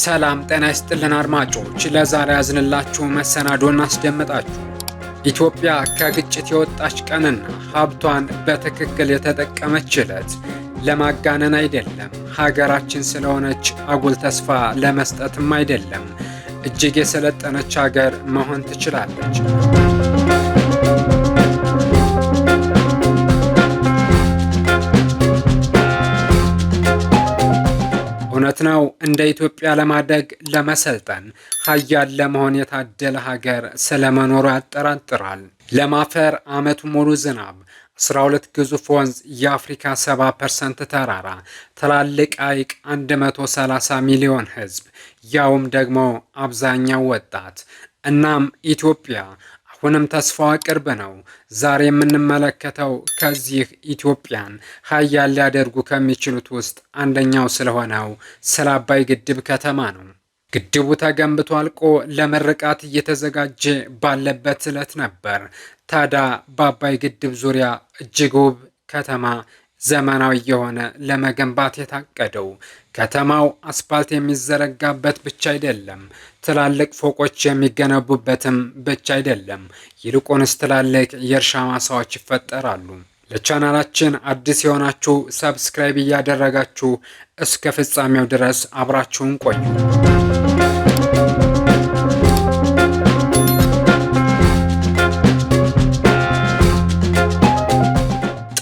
ሰላም ጤና ይስጥልን አድማጮች፣ ለዛሬ ያዝንላችሁ መሰናዶ እናስደምጣችሁ። ኢትዮጵያ ከግጭት የወጣች ቀንና ሀብቷን በትክክል የተጠቀመች ዕለት ለማጋነን አይደለም፣ ሀገራችን ስለሆነች አጉል ተስፋ ለመስጠትም አይደለም። እጅግ የሰለጠነች ሀገር መሆን ትችላለች። እንደ ኢትዮጵያ ለማደግ ለመሰልጠን ሀያል ለመሆን የታደለ ሀገር ስለመኖሩ ያጠራጥራል። ለማፈር አመቱ ሙሉ ዝናብ 12 ግዙፍ ወንዝ፣ የአፍሪካ 70 ፐርሰንት ተራራ፣ ትላልቅ ሐይቅ፣ 130 ሚሊዮን ህዝብ ያውም ደግሞ አብዛኛው ወጣት። እናም ኢትዮጵያ አሁንም ተስፋዋ ቅርብ ነው። ዛሬ የምንመለከተው ከዚህ ኢትዮጵያን ሀያል ሊያደርጉ ከሚችሉት ውስጥ አንደኛው ስለሆነው ስለ አባይ ግድብ ከተማ ነው። ግድቡ ተገንብቶ አልቆ ለምርቃት እየተዘጋጀ ባለበት ዕለት ነበር። ታዲያ በአባይ ግድብ ዙሪያ እጅግ ውብ ከተማ ዘመናዊ የሆነ ለመገንባት የታቀደው ከተማው አስፓልት የሚዘረጋበት ብቻ አይደለም፣ ትላልቅ ፎቆች የሚገነቡበትም ብቻ አይደለም፣ ይልቁንስ ትላልቅ የእርሻ ማሳዎች ይፈጠራሉ። ለቻናላችን አዲስ የሆናችሁ ሰብስክራይብ እያደረጋችሁ እስከ ፍጻሜው ድረስ አብራችሁን ቆዩ።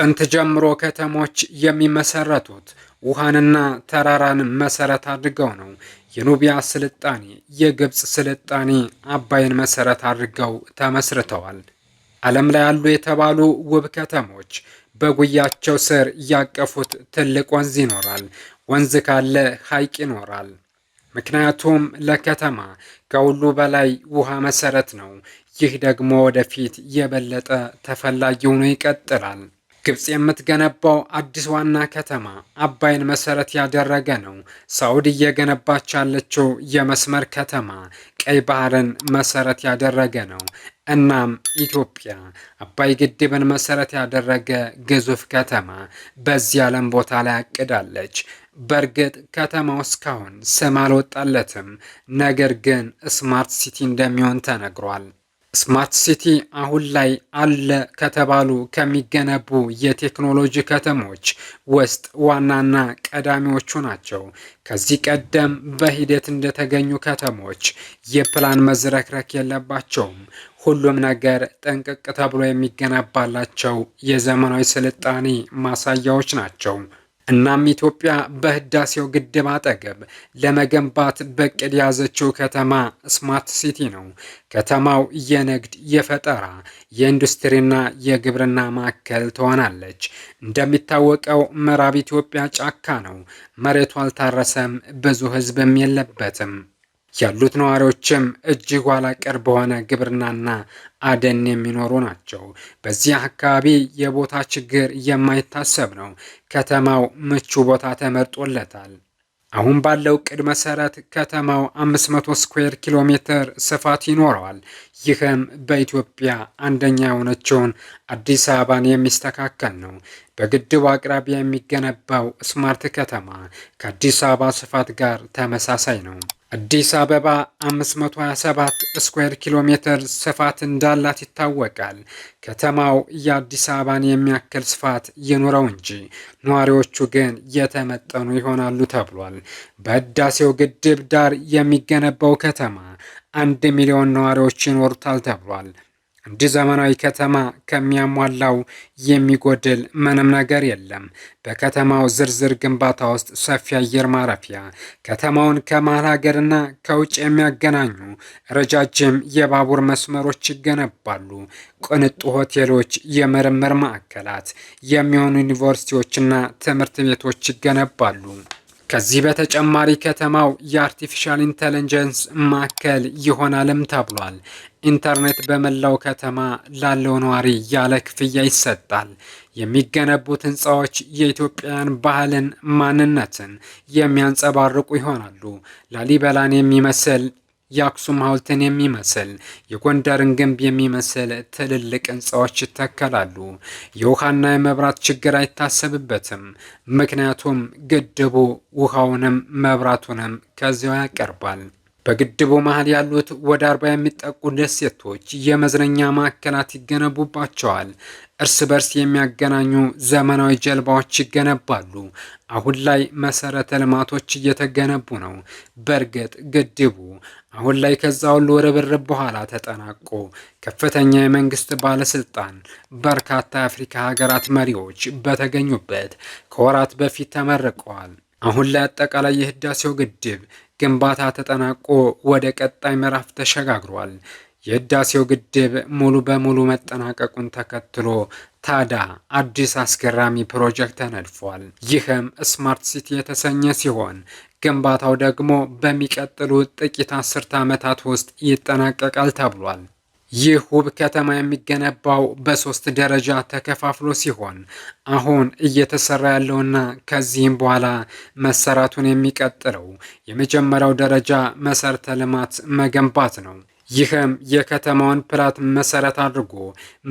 ጥንት ጀምሮ ከተሞች የሚመሰረቱት ውሃንና ተራራን መሰረት አድርገው ነው የኑቢያ ስልጣኔ፣ የግብፅ ስልጣኔ አባይን መሰረት አድርገው ተመስርተዋል። ዓለም ላይ ያሉ የተባሉ ውብ ከተሞች በጉያቸው ስር ያቀፉት ትልቅ ወንዝ ይኖራል። ወንዝ ካለ ሐይቅ ይኖራል። ምክንያቱም ለከተማ ከሁሉ በላይ ውሃ መሰረት ነው። ይህ ደግሞ ወደፊት የበለጠ ተፈላጊ ሆኖ ይቀጥላል። ግብፅ የምትገነባው አዲስ ዋና ከተማ አባይን መሰረት ያደረገ ነው። ሳውድ እየገነባች ያለችው የመስመር ከተማ ቀይ ባህርን መሰረት ያደረገ ነው። እናም ኢትዮጵያ አባይ ግድብን መሰረት ያደረገ ግዙፍ ከተማ በዚህ ዓለም ቦታ ላይ አቅዳለች። በእርግጥ ከተማው እስካሁን ስም አልወጣለትም፣ ነገር ግን ስማርት ሲቲ እንደሚሆን ተነግሯል። ስማርት ሲቲ አሁን ላይ አለ ከተባሉ ከሚገነቡ የቴክኖሎጂ ከተሞች ውስጥ ዋናና ቀዳሚዎቹ ናቸው። ከዚህ ቀደም በሂደት እንደተገኙ ከተሞች የፕላን መዝረክረክ የለባቸውም። ሁሉም ነገር ጠንቅቅ ተብሎ የሚገነባላቸው የዘመናዊ ስልጣኔ ማሳያዎች ናቸው። እናም ኢትዮጵያ በህዳሴው ግድብ አጠገብ ለመገንባት በቅድ የያዘችው ከተማ ስማርት ሲቲ ነው። ከተማው የንግድ፣ የፈጠራ፣ የኢንዱስትሪና የግብርና ማዕከል ትሆናለች። እንደሚታወቀው ምዕራብ ኢትዮጵያ ጫካ ነው። መሬቱ አልታረሰም፣ ብዙ ህዝብም የለበትም። ያሉት ነዋሪዎችም እጅግ ኋላ ቀር በሆነ ግብርናና አደን የሚኖሩ ናቸው። በዚህ አካባቢ የቦታ ችግር የማይታሰብ ነው። ከተማው ምቹ ቦታ ተመርጦለታል። አሁን ባለው ቅድ መሰረት ከተማው 500 ስኩዌር ኪሎ ሜትር ስፋት ይኖረዋል። ይህም በኢትዮጵያ አንደኛ የሆነችውን አዲስ አበባን የሚስተካከል ነው። በግድቡ አቅራቢያ የሚገነባው ስማርት ከተማ ከአዲስ አበባ ስፋት ጋር ተመሳሳይ ነው። አዲስ አበባ 527 ስኩዌር ኪሎ ሜትር ስፋት እንዳላት ይታወቃል። ከተማው የአዲስ አበባን የሚያክል ስፋት ይኑረው እንጂ ነዋሪዎቹ ግን የተመጠኑ ይሆናሉ ተብሏል። በህዳሴው ግድብ ዳር የሚገነባው ከተማ አንድ ሚሊዮን ነዋሪዎች ይኖሩታል ተብሏል። አንድ ዘመናዊ ከተማ ከሚያሟላው የሚጎድል ምንም ነገር የለም። በከተማው ዝርዝር ግንባታ ውስጥ ሰፊ አየር ማረፊያ፣ ከተማውን ከመሀል ሀገርና ከውጭ የሚያገናኙ ረጃጅም የባቡር መስመሮች ይገነባሉ። ቅንጡ ሆቴሎች፣ የምርምር ማዕከላት የሚሆኑ ዩኒቨርሲቲዎችና ትምህርት ቤቶች ይገነባሉ። ከዚህ በተጨማሪ ከተማው የአርቲፊሻል ኢንተለጀንስ ማዕከል ይሆናልም ተብሏል። ኢንተርኔት በመላው ከተማ ላለው ነዋሪ ያለ ክፍያ ይሰጣል። የሚገነቡት ህንፃዎች የኢትዮጵያን ባህልን፣ ማንነትን የሚያንጸባርቁ ይሆናሉ። ላሊበላን የሚመስል የአክሱም ሐውልትን የሚመስል የጎንደርን ግንብ የሚመስል ትልልቅ ህንፃዎች ይተከላሉ። የውሃና የመብራት ችግር አይታሰብበትም። ምክንያቱም ግድቡ ውሃውንም መብራቱንም ከዚያው ያቀርባል። በግድቡ መሀል ያሉት ወደ አርባ የሚጠጉ ደሴቶች የመዝነኛ ማዕከላት ይገነቡባቸዋል። እርስ በርስ የሚያገናኙ ዘመናዊ ጀልባዎች ይገነባሉ። አሁን ላይ መሰረተ ልማቶች እየተገነቡ ነው። በእርግጥ ግድቡ አሁን ላይ ከዛ ሁሉ ርብርብ በኋላ ተጠናቆ ከፍተኛ የመንግስት ባለስልጣን፣ በርካታ የአፍሪካ ሀገራት መሪዎች በተገኙበት ከወራት በፊት ተመርቀዋል። አሁን ላይ አጠቃላይ የህዳሴው ግድብ ግንባታ ተጠናቆ ወደ ቀጣይ ምዕራፍ ተሸጋግሯል። የህዳሴው ግድብ ሙሉ በሙሉ መጠናቀቁን ተከትሎ ታዳ አዲስ አስገራሚ ፕሮጀክት ተነድፏል። ይህም ስማርት ሲቲ የተሰኘ ሲሆን ግንባታው ደግሞ በሚቀጥሉ ጥቂት አስርተ ዓመታት ውስጥ ይጠናቀቃል ተብሏል። ይህ ውብ ከተማ የሚገነባው በሶስት ደረጃ ተከፋፍሎ ሲሆን አሁን እየተሰራ ያለውና ከዚህም በኋላ መሰራቱን የሚቀጥለው የመጀመሪያው ደረጃ መሰረተ ልማት መገንባት ነው። ይህም የከተማውን ፕላት መሰረት አድርጎ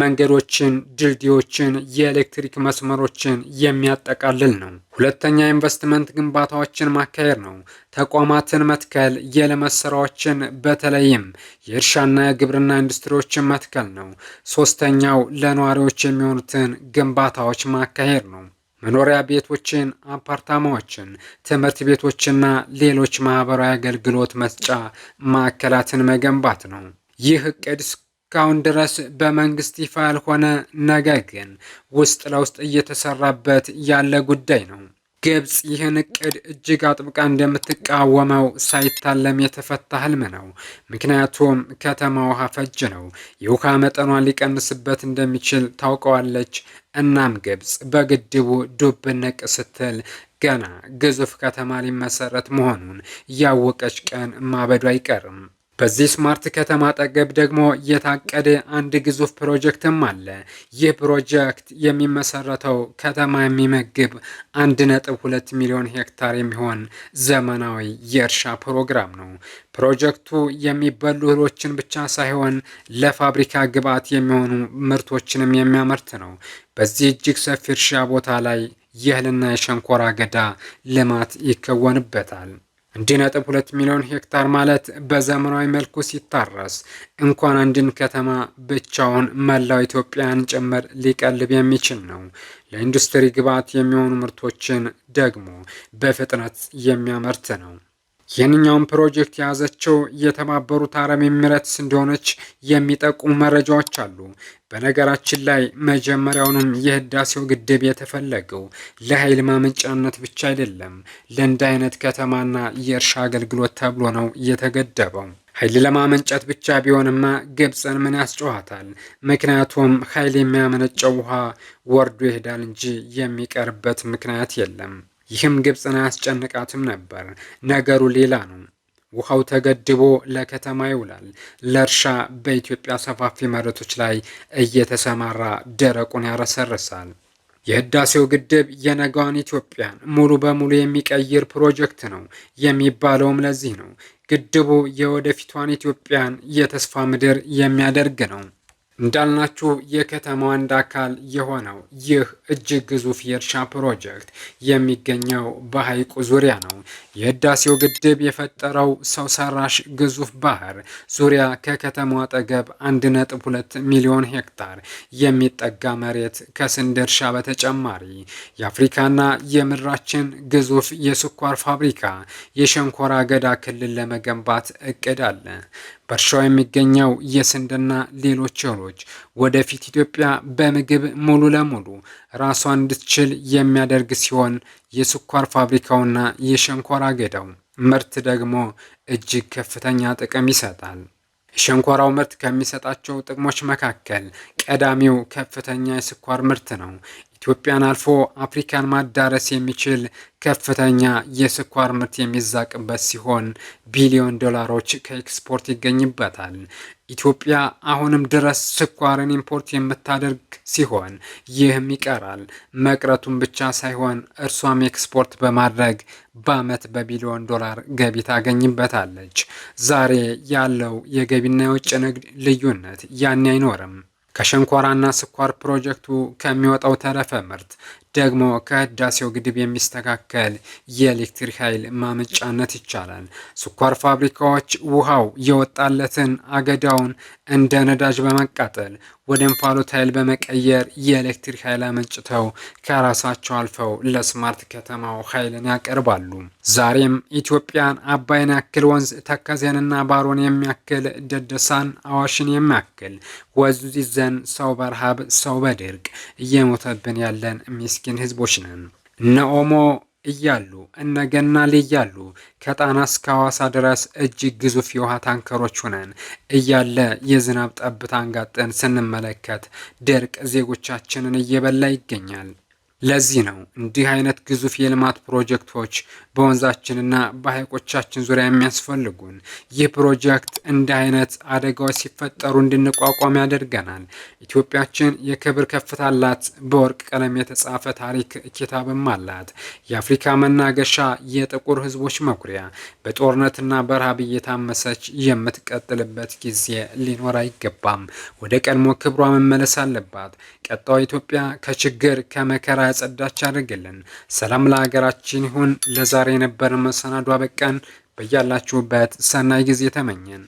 መንገዶችን፣ ድልድዮችን፣ የኤሌክትሪክ መስመሮችን የሚያጠቃልል ነው። ሁለተኛ ኢንቨስትመንት ግንባታዎችን ማካሄድ ነው። ተቋማትን መትከል፣ የልማት ስራዎችን በተለይም የእርሻና የግብርና ኢንዱስትሪዎችን መትከል ነው። ሶስተኛው ለነዋሪዎች የሚሆኑትን ግንባታዎች ማካሄድ ነው። መኖሪያ ቤቶችን፣ አፓርታማዎችን፣ ትምህርት ቤቶችና ሌሎች ማህበራዊ አገልግሎት መስጫ ማዕከላትን መገንባት ነው። ይህ እቅድ እስካሁን ድረስ በመንግስት ይፋ ያልሆነ ነገር ግን ውስጥ ለውስጥ እየተሰራበት ያለ ጉዳይ ነው። ግብጽ ይህን እቅድ እጅግ አጥብቃ እንደምትቃወመው ሳይታለም የተፈታ ህልም ነው። ምክንያቱም ከተማ ውሃ ፈጅ ነው። የውሃ መጠኗን ሊቀንስበት እንደሚችል ታውቀዋለች። እናም ግብጽ በግድቡ ዱብ ነቅ ስትል ገና ግዙፍ ከተማ ሊመሰረት መሆኑን ያወቀች ቀን ማበዱ አይቀርም። በዚህ ስማርት ከተማ አጠገብ ደግሞ የታቀደ አንድ ግዙፍ ፕሮጀክትም አለ። ይህ ፕሮጀክት የሚመሰረተው ከተማ የሚመግብ 1.2 ሚሊዮን ሄክታር የሚሆን ዘመናዊ የእርሻ ፕሮግራም ነው። ፕሮጀክቱ የሚበሉ እህሎችን ብቻ ሳይሆን ለፋብሪካ ግብዓት የሚሆኑ ምርቶችንም የሚያመርት ነው። በዚህ እጅግ ሰፊ እርሻ ቦታ ላይ የእህልና የሸንኮራ አገዳ ልማት ይከወንበታል። አንድ ነጥብ ሁለት ሚሊዮን ሄክታር ማለት በዘመናዊ መልኩ ሲታረስ እንኳን አንድን ከተማ ብቻውን መላው ኢትዮጵያን ጭምር ሊቀልብ የሚችል ነው። ለኢንዱስትሪ ግብዓት የሚሆኑ ምርቶችን ደግሞ በፍጥነት የሚያመርት ነው። ይህንኛውን ፕሮጀክት የያዘችው የተባበሩት አረብ ኤሚሬትስ እንደሆነች የሚጠቁሙ መረጃዎች አሉ። በነገራችን ላይ መጀመሪያውንም የህዳሴው ግድብ የተፈለገው ለኃይል ማመንጫነት ብቻ አይደለም፣ ለእንዲህ አይነት ከተማና የእርሻ አገልግሎት ተብሎ ነው የተገደበው። ኃይል ለማመንጨት ብቻ ቢሆንማ ግብፅን ምን ያስጨዋታል? ምክንያቱም ኃይል የሚያመነጨው ውሃ ወርዶ ይሄዳል እንጂ የሚቀርበት ምክንያት የለም። ይህም ግብፅን አያስጨንቃትም ነበር። ነገሩ ሌላ ነው። ውሃው ተገድቦ ለከተማ ይውላል። ለእርሻ በኢትዮጵያ ሰፋፊ መሬቶች ላይ እየተሰማራ ደረቁን ያረሰርሳል። የህዳሴው ግድብ የነገዋን ኢትዮጵያን ሙሉ በሙሉ የሚቀይር ፕሮጀክት ነው የሚባለውም ለዚህ ነው። ግድቡ የወደፊቷን ኢትዮጵያን የተስፋ ምድር የሚያደርግ ነው። እንዳልናችሁ የከተማው አንድ አካል የሆነው ይህ እጅግ ግዙፍ የእርሻ ፕሮጀክት የሚገኘው በሐይቁ ዙሪያ ነው። የህዳሴው ግድብ የፈጠረው ሰው ሰራሽ ግዙፍ ባህር ዙሪያ ከከተማው አጠገብ 1.2 ሚሊዮን ሄክታር የሚጠጋ መሬት ከስንዴ እርሻ በተጨማሪ የአፍሪካና የምድራችን ግዙፍ የስኳር ፋብሪካ የሸንኮራ አገዳ ክልል ለመገንባት እቅድ አለ። በእርሻው የሚገኘው የስንዴና ሌሎች እህሎች ወደፊት ኢትዮጵያ በምግብ ሙሉ ለሙሉ ራሷን እንድትችል የሚያደርግ ሲሆን የስኳር ፋብሪካውና የሸንኮራ አገዳው ምርት ደግሞ እጅግ ከፍተኛ ጥቅም ይሰጣል። የሸንኮራው ምርት ከሚሰጣቸው ጥቅሞች መካከል ቀዳሚው ከፍተኛ የስኳር ምርት ነው። ኢትዮጵያን አልፎ አፍሪካን ማዳረስ የሚችል ከፍተኛ የስኳር ምርት የሚዛቅበት ሲሆን ቢሊዮን ዶላሮች ከኤክስፖርት ይገኝበታል። ኢትዮጵያ አሁንም ድረስ ስኳርን ኢምፖርት የምታደርግ ሲሆን ይህም ይቀራል። መቅረቱን ብቻ ሳይሆን እርሷም ኤክስፖርት በማድረግ በዓመት በቢሊዮን ዶላር ገቢ ታገኝበታለች። ዛሬ ያለው የገቢና የውጭ ንግድ ልዩነት ያኔ አይኖርም። ከሸንኮራና ስኳር ፕሮጀክቱ ከሚወጣው ተረፈ ምርት ደግሞ ከህዳሴው ግድብ የሚስተካከል የኤሌክትሪክ ኃይል ማመንጫነት ይቻላል። ስኳር ፋብሪካዎች ውሃው የወጣለትን አገዳውን እንደ ነዳጅ በማቃጠል ወደ እንፋሎት ኃይል በመቀየር የኤሌክትሪክ ኃይል አመንጭተው ከራሳቸው አልፈው ለስማርት ከተማው ኃይልን ያቀርባሉ። ዛሬም ኢትዮጵያን አባይን ያክል ወንዝ ተከዜንና ባሮን የሚያክል ደደሳን አዋሽን የሚያክል ወዙ ዚዘን ሰው በረሃብ ሰው በድርቅ እየሞተብን ያለን ሚስ ምስኪን ህዝቦች ነን። እነ ኦሞ እያሉ እነ ገናሌ እያሉ ከጣና እስከ ሐዋሳ ድረስ እጅግ ግዙፍ የውሃ ታንከሮች ሆነን እያለ የዝናብ ጠብታ አንጋጠን ስንመለከት ድርቅ ዜጎቻችንን እየበላ ይገኛል። ለዚህ ነው እንዲህ አይነት ግዙፍ የልማት ፕሮጀክቶች በወንዛችንና በሐይቆቻችን ዙሪያ የሚያስፈልጉን። ይህ ፕሮጀክት እንዲህ አይነት አደጋዎች ሲፈጠሩ እንድንቋቋም ያደርገናል። ኢትዮጵያችን የክብር ከፍታ አላት። በወርቅ ቀለም የተጻፈ ታሪክ ኪታብም አላት። የአፍሪካ መናገሻ፣ የጥቁር ህዝቦች መኩሪያ፣ በጦርነትና በረሃብ እየታመሰች የምትቀጥልበት ጊዜ ሊኖር አይገባም። ወደ ቀድሞ ክብሯ መመለስ አለባት። ቀጣው ኢትዮጵያ ከችግር ከመከራ ያጸዳች ያደርግልን። ሰላም ለሀገራችን ይሁን። ለዛሬ የነበረን መሰናዶ አበቃን። በያላችሁበት ሰናይ ጊዜ ተመኘን።